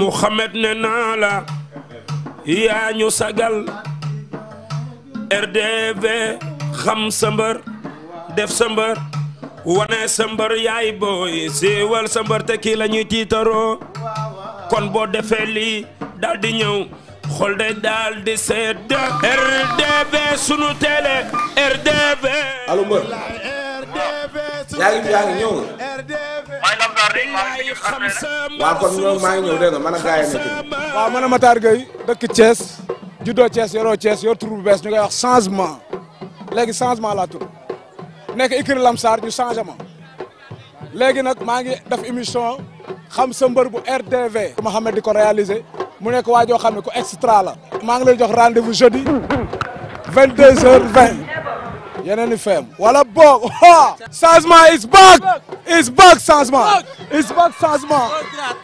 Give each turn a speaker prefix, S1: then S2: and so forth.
S1: Muhammad ne naa la yaa ñu sagal RDV xam sa def sa wane sa mbër yaay booy siiwal sa mbër te kii la ñuy kon boo defee lii daldi ñëw xol day daal sedd RDV sunu télé RDV. allo mbër.
S2: yaa ngi yaa waaw
S3: kon ñoom maa ngi ñëw dégg nga man ak gars yi nekk
S4: waaw man a Matar Gueye dëkk Thiès juddoo Thiès yoroo Thiès yor tur bu bees ñu koy wax changement léegi changement laa tur nekk Ikir Lamsar ñu changé ma léegi nag maa ngi def émission xam sa mbër bu RTV Mohamed di ko réaliser mu nekk waa joo xam ne ku extra la maa ngi lay jox rendez-vous jeudi yeneen i feem wala boog changement is back is back changement is back changement